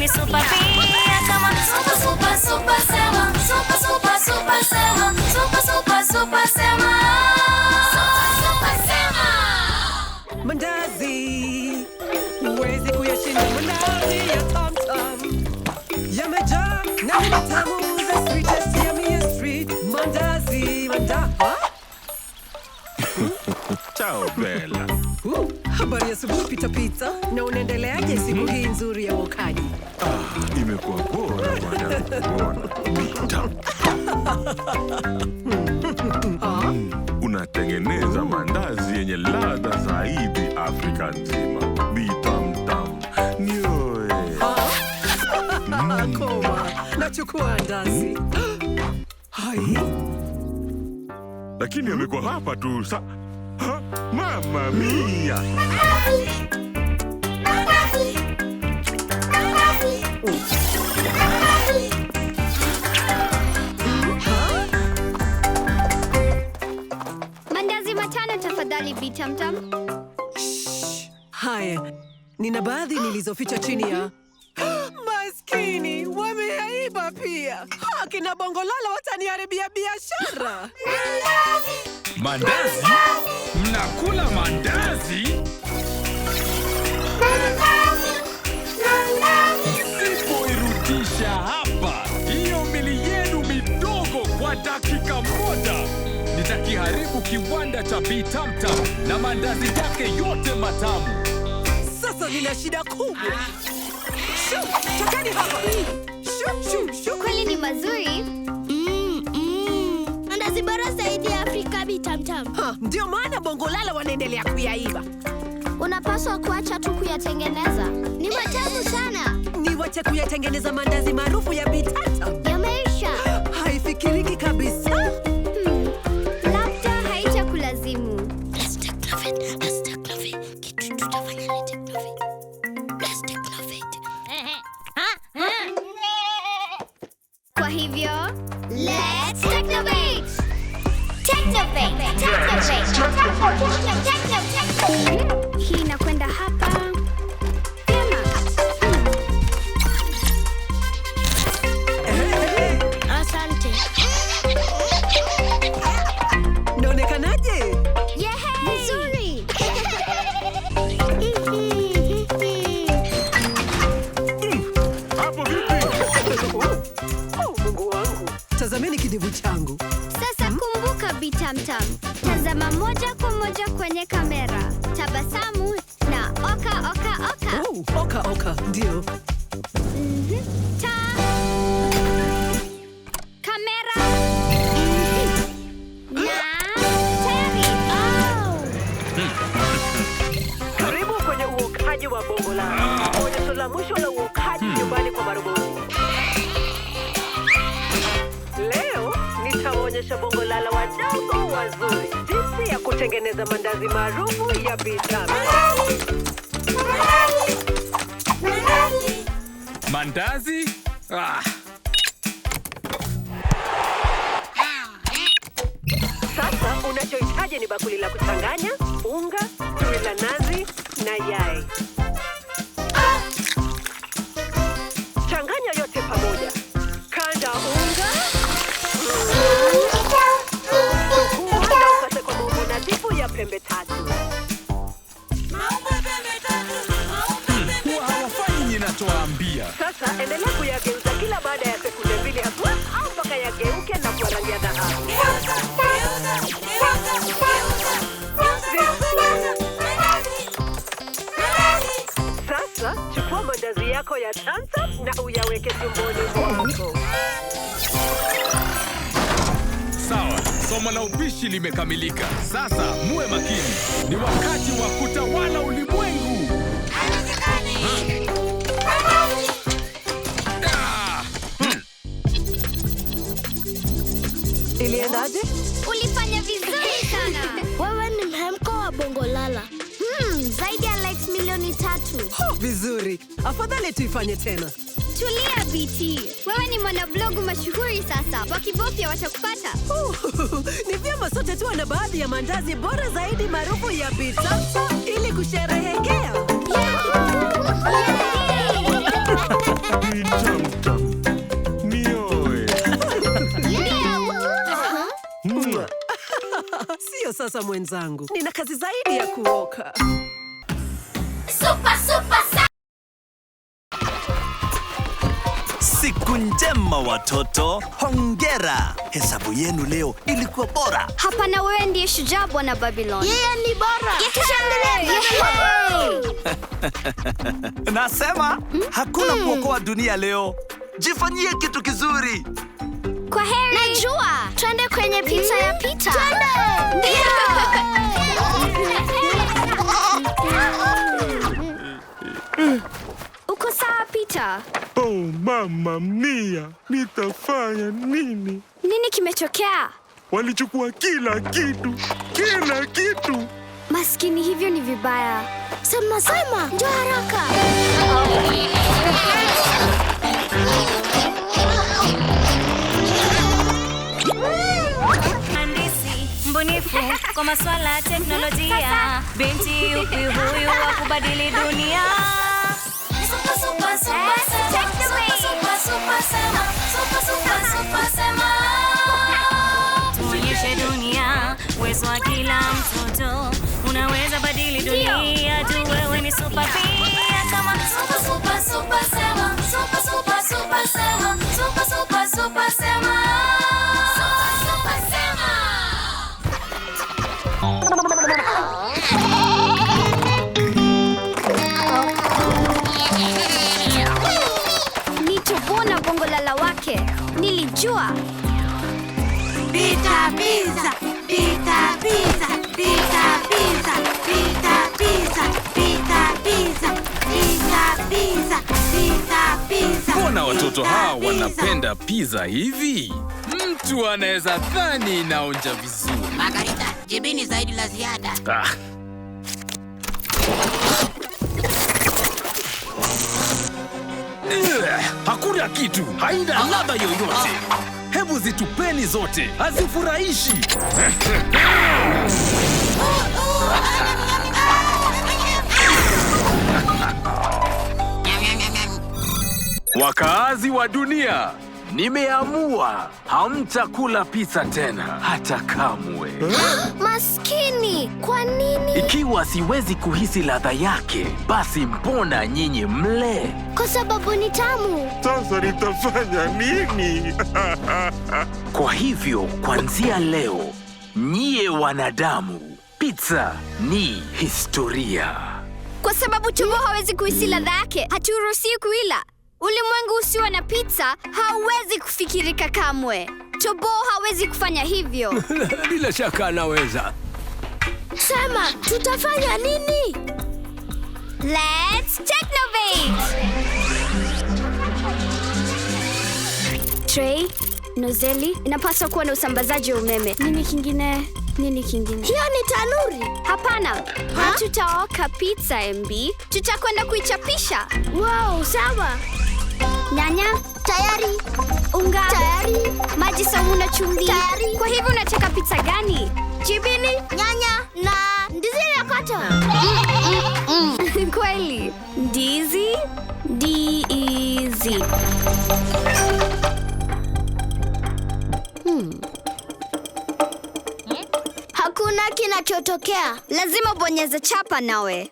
mi super super super sema super super super sema super super super sema super super sema mandazi sweetest street mandazi ciao bella Habari ya subuhi pita pita, na unaendeleaje siku hii nzuri ya wokaji? Ah, imekuwa bora bwana, hmm, Unatengeneza mandazi yenye ladha zaidi Afrika nzima, bitamtam nioe ah, Koma, nachukua ndazi hmm. hai, hmm. lakini amekuwa hapa tu sa Mamma mia! Mandazi matano tafadhali, Bitamtam. Haya, nina baadhi nilizoficha chini ya maskini, wameyaiba pia. Akina Bongolala wataniharibia biashara. Mandazi! Mnakula mandazi? Mandazi, mandazi. Sipoirudisha hapa hiyo mili yenu midogo kwa dakika moja, nitakiharibu kiwanda cha Bitamtam na mandazi yake yote matamu. Sasa nina shida kubwa. Tokeni hapa! Kweli ni mazuri. Mm, mm. Mandazi bora zaidi ya tamtam. Ndio maana Bongolala wanaendelea kuyaiba. Unapaswa kuacha tu kuyatengeneza, ni matamu sana. Niwache kuyatengeneza mandazi maarufu ya Bitata. Yameisha. wangu, tazameni kidevu changu. Sasa hmm? kumbuka Bitamtam, tazama moja kwa moja kwenye kamera, tabasamu na oka oka oka. Oh, oka oka ndio. Mhm. -hmm. -hmm. Oh. onyesho la mwisho la uokaji hmm. nyumbani kuwawezesha bongolala wadogo wazuri jinsi ya kutengeneza mandazi maarufu ya bidhaa. Mandazi ah. Sasa unachohitaji ni bakuli la kuchanganya unga, tui la nazi na yai. tatu. endelea kuyageuza kila baada ya sekunde mbili haswa mpaka yageuke na kuwa rangi chukua mandazi yako ya tansa na uyaweke tumboni mwako. Somo la upishi limekamilika. Sasa muwe makini, ni wakati wa kutawala ulimwengu. Iliendaje? Ulifanya vizuri sana. Wewe ni mhemko wa Bongolala. Hmm, zaidi ya likes milioni tatu. Ho, vizuri. Afadhali tuifanye tena. Tulia BT, wewe ni mwanablogu mashuhuri sasa, wakibofya watakupata. Ni vyema sote tuwe na baadhi ya mandazi bora zaidi maarufu ya pizza ili kusherehekea. Sio sasa, mwenzangu, nina kazi zaidi ya kuoka. Super, super. njema watoto, hongera. Hesabu yenu leo ilikuwa bora. Hapa na wewe ndiye shujaa Bwana Babiloni. Yeye ni bora. Nasema hmm? hakuna hmm. kuokoa dunia leo. Jifanyie kitu kizuri. Kwa heri. Najua. Twende kwenye pizza ya hmm? pita. Twende. Sita. Oh, mama mia, nitafanya nini? Nini kimetokea? Walichukua kila kitu, kila kitu. Maskini, hivyo ni vibaya. Sama sama, njoo haraka. Kwa masuala ya teknolojia, binti yupi huyu wa kubadili dunia? Tuonyeshe dunia uwezo wa kila mtoto, unaweza badili dunia tu, wewe ni super Pizza, pizza, pizza, pizza, pizza, pizza, pizza, pizza, pizza, pizza, pizza, pizza, pizza, pizza. Mbona watoto hawa wanapenda pizza hivi? Mtu anaweza dhani inaonja vizuri. Margarita, jibini zaidi la ziada. Ah. Eh, hakuna kitu, haina oh. ladha yoyote hebu zitupeni zote, hazifurahishi. Wakaazi wa dunia Nimeamua hamtakula pizza tena hata kamwe. Maskini, kwa nini? Ikiwa siwezi kuhisi ladha yake, basi mbona nyinyi mle? Kwa sababu ni tamu. Sasa nitafanya nini? Kwa hivyo kuanzia leo, nyie wanadamu, pizza ni historia. Kwa sababu tumbo hawezi kuhisi ladha yake, haturuhusiwi kuila. Ulimwengu usiwe na pizza hauwezi kufikirika kamwe. Toboo hawezi kufanya hivyo. Bila shaka anaweza. Sema, tutafanya nini? Let's technovate! Trey, nozeli inapaswa kuwa na usambazaji wa umeme. Nini kingine? Nini kingine? Hiyo ni tanuri. Hapana, hatutaoka pizza MB, tutakwenda kuichapisha. Wow, sawa. Nyanya tayari, unga tayari, maji saumu na chumvi tayari. Kwa hivyo unataka pizza gani? Jibini, nyanya na ndizi ya kata. Kweli ndizi ndizi. Hmm. Hakuna kinachotokea, lazima ubonyeze chapa nawe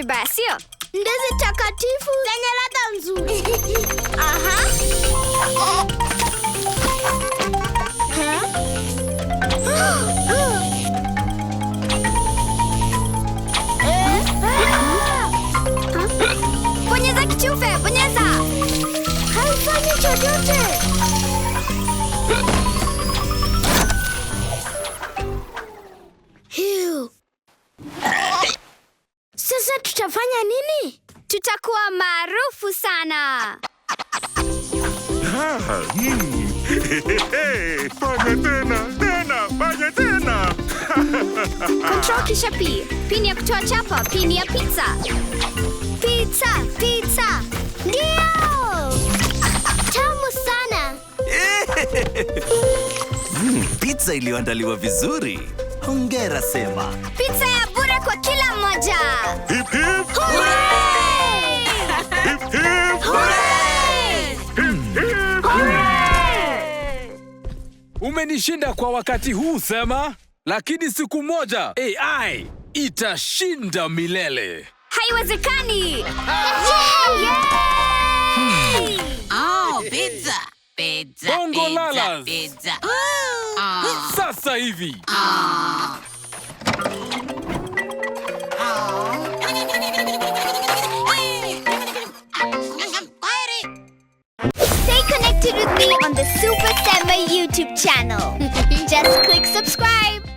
vibaya, sio? Ndizi takatifu zenye ladha nzuri. Aha. Ah. banana. Fanya ah, hmm. tena, tena, fanya tena. Control kisha P. Pini ya kutoa chapa, pini ya pizza. Pizza, pizza. Ndio! Tamu sana. Mm, pizza iliyoandaliwa vizuri. Hongera sema. Pizza ya bure kwa kila mmoja. Hip hip. Hooray! Umenishinda kwa wakati huu Sema, lakini siku moja AI itashinda milele. Haiwezekani! Oh, Sasa hivi oh. Stay connected with me on the Super my YouTube channel. Just click subscribe.